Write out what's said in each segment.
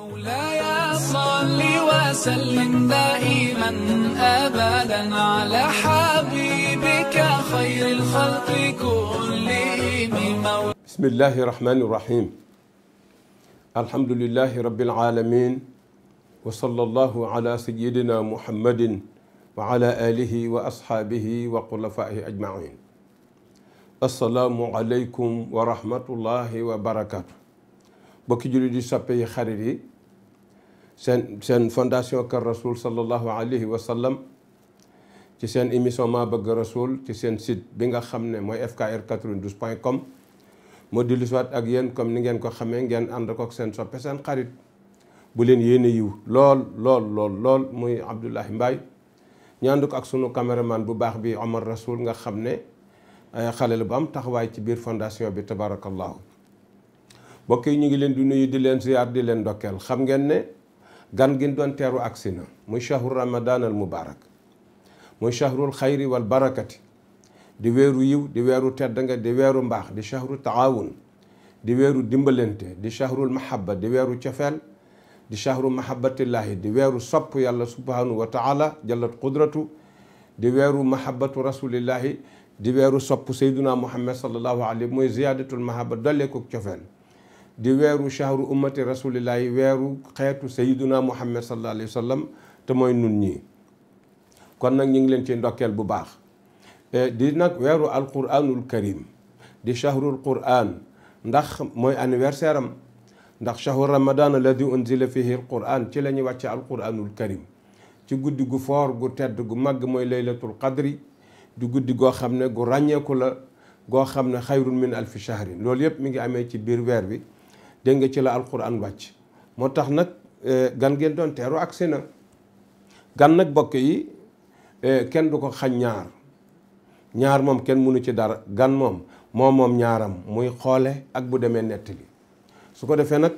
مولاي صل وسلم دائما ابدا على حبيبك خير الخلق كلهم بسم الله الرحمن الرحيم الحمد لله رب العالمين وصلى الله على سيدنا محمد وعلى اله واصحابه وخلفائه اجمعين السلام عليكم ورحمه الله وبركاته bokki jullit di soppe yi xarit yi seen seen fondation Kër Rasoul sallallahu alayhi wa ci seen émission maa bëgg Rasoul ci seen site bi nga xam ne mooy fkr 92 point com moo di lisuwaat ak yéen comme ni ngeen ko xamee ngeen ànd ko seen soppe seen xarit bu leen yéene yiw lool lool lool lool muy Abdoulahi Mbaye ñu ko ak sunu caméraman bu baax bi Omar Rasoul nga xam ne xale la bu am taxawaay ci biir fondation bi tabarakallahu mbokk yi ñu ngi leen di nuyu di leen ziar di leen ndokkeel xam ngeen ne gan gi doon teeru agsi na muy shahru ramadan al mubarak muy shahrul xayri wal barakati di weeru yiw di weeru tedd nga di weeru mbaax di shahru taawun di weeru dimbalante di shahrul mahabba di weeru cofeel di shahru mahabbatillahi di weeru sopp yàlla subhanahu wa taala qudratu di weeru mahabbatu rasulillahi di weeru sopp sayduna muhammad sallallahu alayhi mooy ziyadatul mahabba dollee ko cofeel di weeru shahru ummati rasulillahi weeru xeetu sayiduna muhammad sallallahu alayhi wa sallam te mooy nun ñii kon nag ñu ngi leen ci ndokkeel bu baax eh, di nag weeru alquranul karim di shahrul quran ndax mooy anniversaire am ndax shahru ramadan alladi unzila fihi alquran ci la ñuy wàcce alquranul karim ci guddi gu foor gu tedd gu màgg mooy laylatul qadri du guddi goo xam ne gu ràññeeku la goo xam ne xayrun min alfi shahrin loolu yëpp mi ngi amee ci biir weer bi dégg nga ci la alquran wàcc moo tax nag e, gan geen doon teeru agsi na gan nag bokk yi e, kenn du ko xañ ñaar ñaar moom kenn mënu ci dara gan moom moo moom ñaaram muy xoole ak bu demee nettali su ko defee nag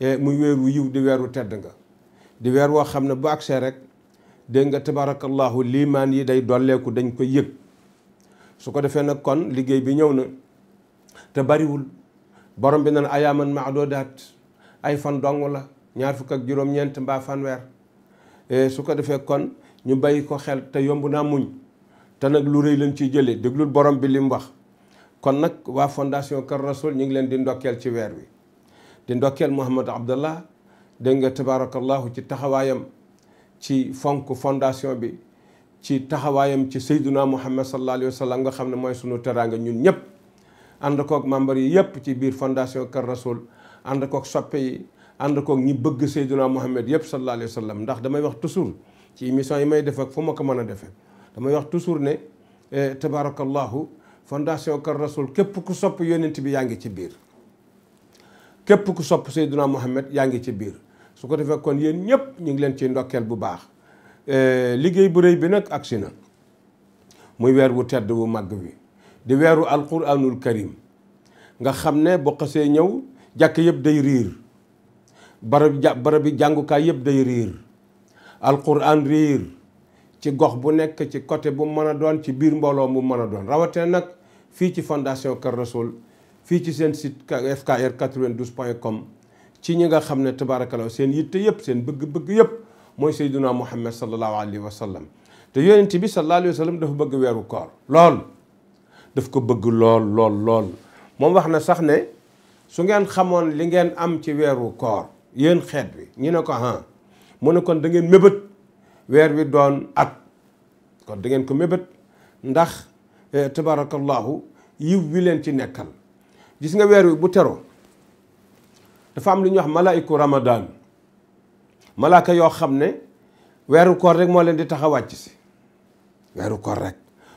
e, muy weeru yiw di weeru tedd nga di weer woo xam ne bu agsee rek dégg nga tabarakallahu liimaan yi day dolleeku dañ ko yëg su ko defee nag kon liggéey bi ñëw na te bariwul borom bi nan ayaaman maadodaat ay fan dong la ñaar fukk ak juróom-ñeent mbaa fanweer e, su ko defee kon ñu bàyyi ko xel te yomb naa muñ te nag lu rëy lañ ciy jëlee déglul borom bi li wax kon nag waa fondation Kër Rasoul ñu ngi leen di ndokkeel ci weer wi di ndokkeel Mouhamed Abdallah dégg nga tabaarakallahu ci taxawaayam ci fonk fondation bi ci taxawaayam ci sayduna Muhammad sallallahu alayhi wa sallam nga xam ne mooy sunu teraanga ñun ñëpp ànd koog membre yi yëpp ci biir fondation Kër Rasoul ànd koog yi ànd koog ñi bëgg Seydina Mohamed yëpp sallallahu alayhi wa sallam ndax damay wax toujours ci émission yi may def ak fu ma ko mën a defee damay wax toujours ne eh, tabarakallahu fondation Kër Rasoul képp ku sopp yonent bi yaa ngi ci biir képp ku sopp Seydina Mohamed yaa ngi ci biir su ko defee kon yéen ñëpp ñu ngi leen ci ndokkeel bu baax eh, liggéey bu rëy bi nag si na muy weer wu tedd wu màgg bi di weeru alquranul karim nga xam ne boo xasee ñëw jàkk yëpp day riir barab barab bi jàngukaay yëpp day riir alquran riir ci gox bu nekk ci côté bu mën a doon ci biir mbooloo mu mën a doon rawatina nag fii ci fondation Kër Rasoul fii ci seen site fkr 92 point comme ci ñi nga xam ne tabaarakalaw seen yitte yëpp seen bëgg-bëgg yëpp mooy sayduna muhammad sallallahu alayhi wa sallam te yonent bi sallallahu alayhi wa sallam dafa bëgg weeru koor lool daf ko bëgg lool lool lool moom wax na sax ne su ngeen xamoon li ngeen am ci weeru koor yéen xeet bi ñu ne ko ah mu ne kon da ngeen mébét weer wi doon at kon da ko mébét ndax eh, tabarakallahu yiw wi leen ci nekkal gis nga weer wi bu tero dafa am lu ñuy wax malaayku ramadaan malaaka yoo xam ne weeru koor rek moo leen di tax wàcc si weeru koor rek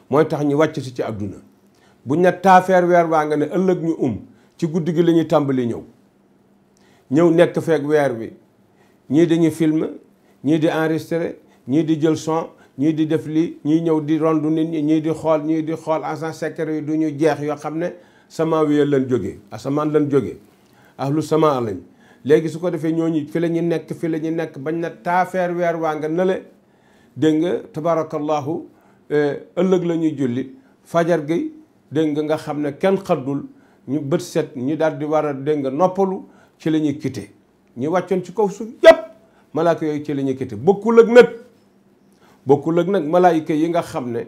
mooy tax ñu wàcc si ci àdduna buñ ne taafeer weer waa nga ne ëllëg ñu um ci guddi gi lañuy ñuy tàmbali ñëw ñëw nekk feeg weer wi ñii dañuy film ñii di enregistré ñii di jël son ñii di def lii ñii ñëw di rondu nit ñi ñii di xool ñii di xool agent secret yi du ñu jeex yoo xam ne sama wiyee lan jógee asamaan lan jógee ahlu sama lañ léegi su ko defee ñoo ñooñu fi la ñu nekk fi la ñu nekk bañ na taafeer weer waa nga nële dégg nga tabarakallahu eh, ëllëg lañuy ñuy julli fajar gi dégg nga nga xam ne kenn xaddul ñu bët set ñu daal di war a dégg nga noppalu ci la ñuy quitté ñu wàccoon ci kaw suuf yépp malaayka yooyu ci la ñuy quitté bokkul ak nag bokkul ak nag malaayka yi nga xam ne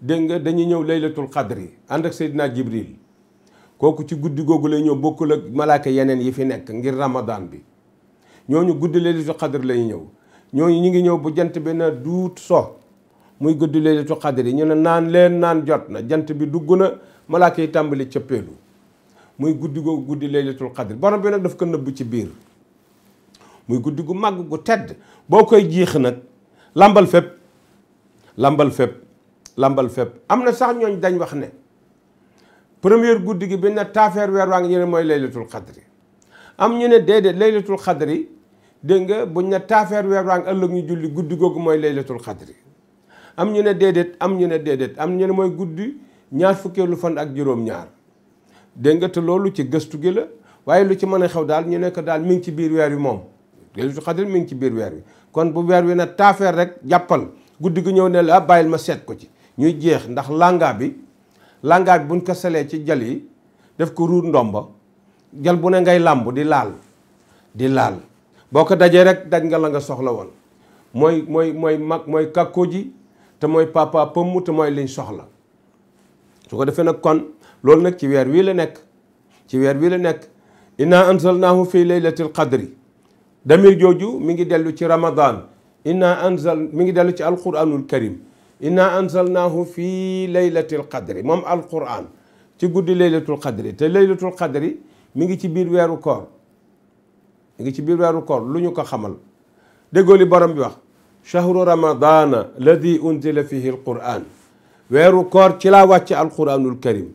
dégg nga dañuy ñëw laylatul qadr yi ànd ak Seydina Jibril kooku ci guddi googu lay ñëw bokkul ak malaayka yeneen yi fi nekk ngir ramadan bi ñooñu guddi laylatul qadr lay ñëw ñoo ñu ngi ñëw bu jant bi na duut so muy guddi leylatu xadri ñu ne naan leen naan jot na jant bi dugg na malaaka yi tàmbali cëppeelu muy guddi goo guddi laylatul xadri borom bi nag daf ko nëbb ci biir muy guddi gu màgg gu tedd boo koy jiix nag lambal fépp lambal fépp lambal fépp am na sax ñooñ dañ wax ne première guddi gi bi ne taafeer weer waa ngi ñu ne mooy laylatul xadri am ñu ne déedéet laylatul xadri dégg nga buñ ne taafeer weer waa ngi ëllëg ñu julli guddi googu mooy laylatul xadri am ñu ne déedéet am ñu ne déedéet am ñu mooy guddi ñaar fukkeelu fan ak juróom-ñaar dégg nga te loolu ci gëstu gi la waaye lu ci mën a xew daal ñu ne ko daal mi ngi ci biir weer wi moom Laylatul Qadr mi ngi ci biir weer wi kon bu weer wi nag taafeer rek jàppal guddi gi ñëw ne la ah, bàyyil ma seet ko ci ñuy jeex ndax langa bi langa bi buñ ko salee ci jal yi def ko ruur ndomba jal bu ne ngay làmb di laal di laal boo ko dajee rek daj nga la nga soxla woon mooy mooy mooy mag mooy kàkkoo ji te mooy papa pëmm te mooy liñ soxla su ko defee nag kon loolu nag ci weer wii la nekk ci weer wii la nekk inna anzalnaahu fi laylatil qadri damir jooju mi ngi dellu ci ramadan inna anzal mi ngi dellu ci alquranul karim inna anzalnaahu fi laylatil qadri moom alquran ci guddi laylatul qadri te laylatul qadri mi ngi ci biir weeru koor mu ngi ci biir weeru koor lu ñu ko xamal déggoo li bi wax chahru ramadana alladi unzila fihi alquran weeru koor ci laa wàcce alquranul karim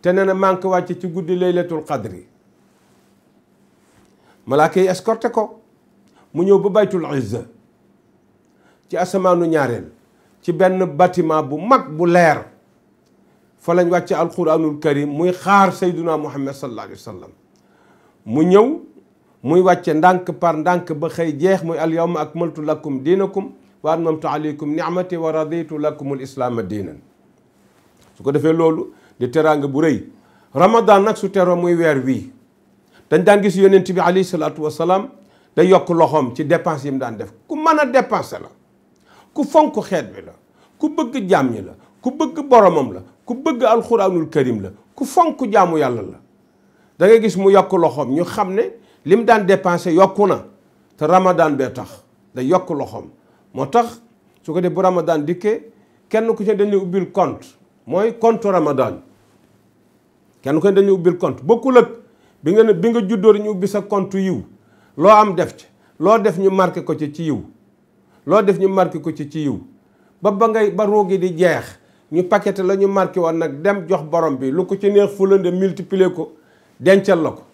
te nee na manque wàcce ci guddi laylatul qadri malaaka yi escorté ko mu ñëw ba baytul izza ci asamaanu ñaareel ci benn bâtiment bu mag bu leer fa lañ wàcce alquranul karim muy xaar sayduna muhammad sallallahu alayhi wa sallam mu ñëw muy wàcce ndànk par ndànk ba xëy jeex muy alyawma akmaltu lakum diinakum wa atmamtu alaykum ni'mati wa raditu lakum al islaama diinan su ko defee loolu di teraanga bu rëy ramadan nag su teroo muy weer wii dañ daan gis yonent bi alayhi salaatu wasalaam yokk loxoom ci dépense yi mu daan def ku mën a dépenser la ku fonk xeet bi la ku bëgg jaam ñi la ku bëgg boromam la ku bëgg alxuraanul karim la ku fonk jaamu yàlla la da gis mu yokk loxoom ñu ne li mu daan dépensé yokku na te ramadan bee tax da yokk loxoom moo tax su ko def bu ramadan dikkee kenn ku ci dañ lay ubbil compte mooy compte ramadan kenn ku ci ubbil compte bokkul ak bi nga ne bi nga juddoo ñu ubbi sa compte yiw loo am def ci loo def ñu marqué ko ci ci yiw loo def ñu marqué ko ci ci yiw ba ba ngay ba roogi di jeex ñu paqueté la ñu marqué woon nag dem jox borom bi lu ko ci neex fulande multiplier ko dencal la ko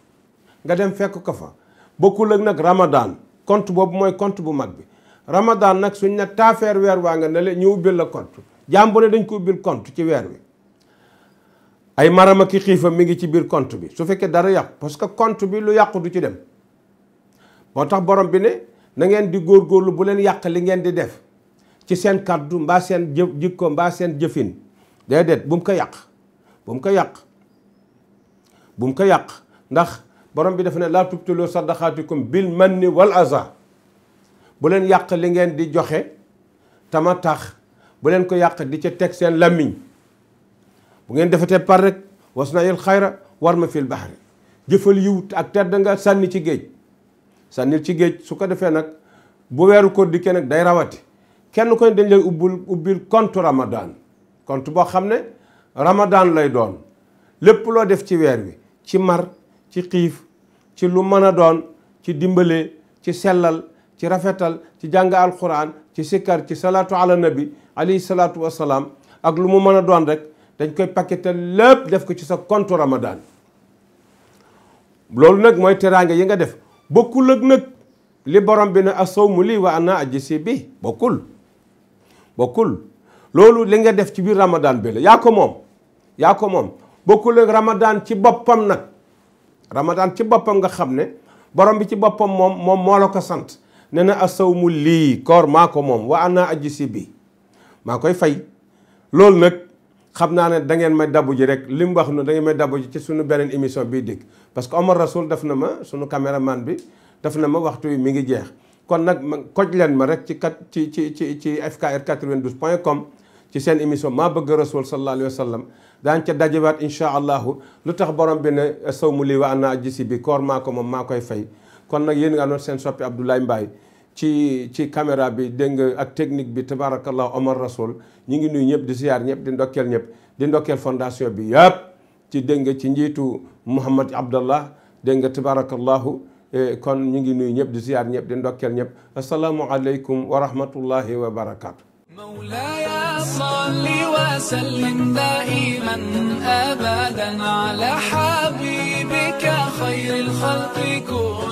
nga dem fekk ko fa bokkul ak nag ramadaan compte boobu mooy compte bu mag bi Ramadan nag suñ ne taafeer weer waa nga ne la ñu ubbil la compte jàmbure dañ ko ubbil compte ci weer wi. ay marama xiifa mi ngi ci biir compte bi su fekkee dara yàqu parce que compte bi lu yàqu du ci dem moo tax borom bi ne na ngeen di góorgóorlu bu leen yàq li ngeen di def ci seen kàddu mbaa seen jë jikko mbaa seen jëfin déedéet bu mu ko yàq bu mu ko yàq bu mu ko yàq ndax. borom bi dafa ne laa tubtilu saddaxaatikum bil manni wal aza bu leen yàq li ngeen di joxe tama tax bu leen ko yàq di ca teg seen làmmiñ bu ngeen defatee par rek was na il xayra war ma fil baxri jëfal yiw ak tedd nga sànni ci géej sànnil ci géej su ko defee nag bu weeru koor dikkee nag day rawati kenn ko ne dañ lay ubbul ubbil compte ramadan compte boo xam ne ramadan lay doon lépp loo def ci weer wi ci mar ci xiif ci lu mën a doon ci dimbale ci sellal ci rafetal ci jàng alquran ci sikkar ci salaatu ala nabi alayhi salaatu wasalaam ak lu mu mën a doon rek dañ koy paquetal lépp def ko ci sa compte ramadan loolu nag mooy teraanga yi nga def bokkul ak li borom bi ne asawmu lii wa ana ajisi bi bokkul bokkul loolu li nga def ci biir ramadan bi la yaa ko moom yaa ko moom ci boppam nag ramadan ci boppam nga xam ne borom bi ci boppam moom moom moo la ko sant ne na asaw mu lii koor maa ko moom wa naa aji si bi maa koy fay loolu nag xam naa ne da ngeen may dabu ji rek li mu wax noonu da may dabu ji ci suñu beneen émission bii dikk parce que Omar Rasoul def na ma suñu man bi def na ma waxtu wi mi ngi jeex kon nag koj leen ma rek ci kat ci ci ci ci fkr 92 point com ci seen émission maa bëgg rasul sallallahu alayhi wa daañ ca dajewaat incha allahu lu tax borom bi ne sawmu lii wa ana ajisi bi koor maa ko moom maa koy fay kon nag yéen nga noon seen soppi Abdoulaye Mbaye ci ci caméra bi dégg nga ak technique bi tabarakallah Omar Rasoul ñu ngi nuyu ñëpp di ziar ñëpp di ndokkeel ñëpp di ndokkeel fondation bi yëpp ci dégg nga ci njiitu Mouhamad Abdallah dégg nga tabarakallahu e, kon ñu ngi nuyu ñëpp di ziar ñëpp di ndokkeel ñëpp asalaamualeykum wa rahmatullahi صل وسلم دائما أبدا على حبيبك خير الخلق كل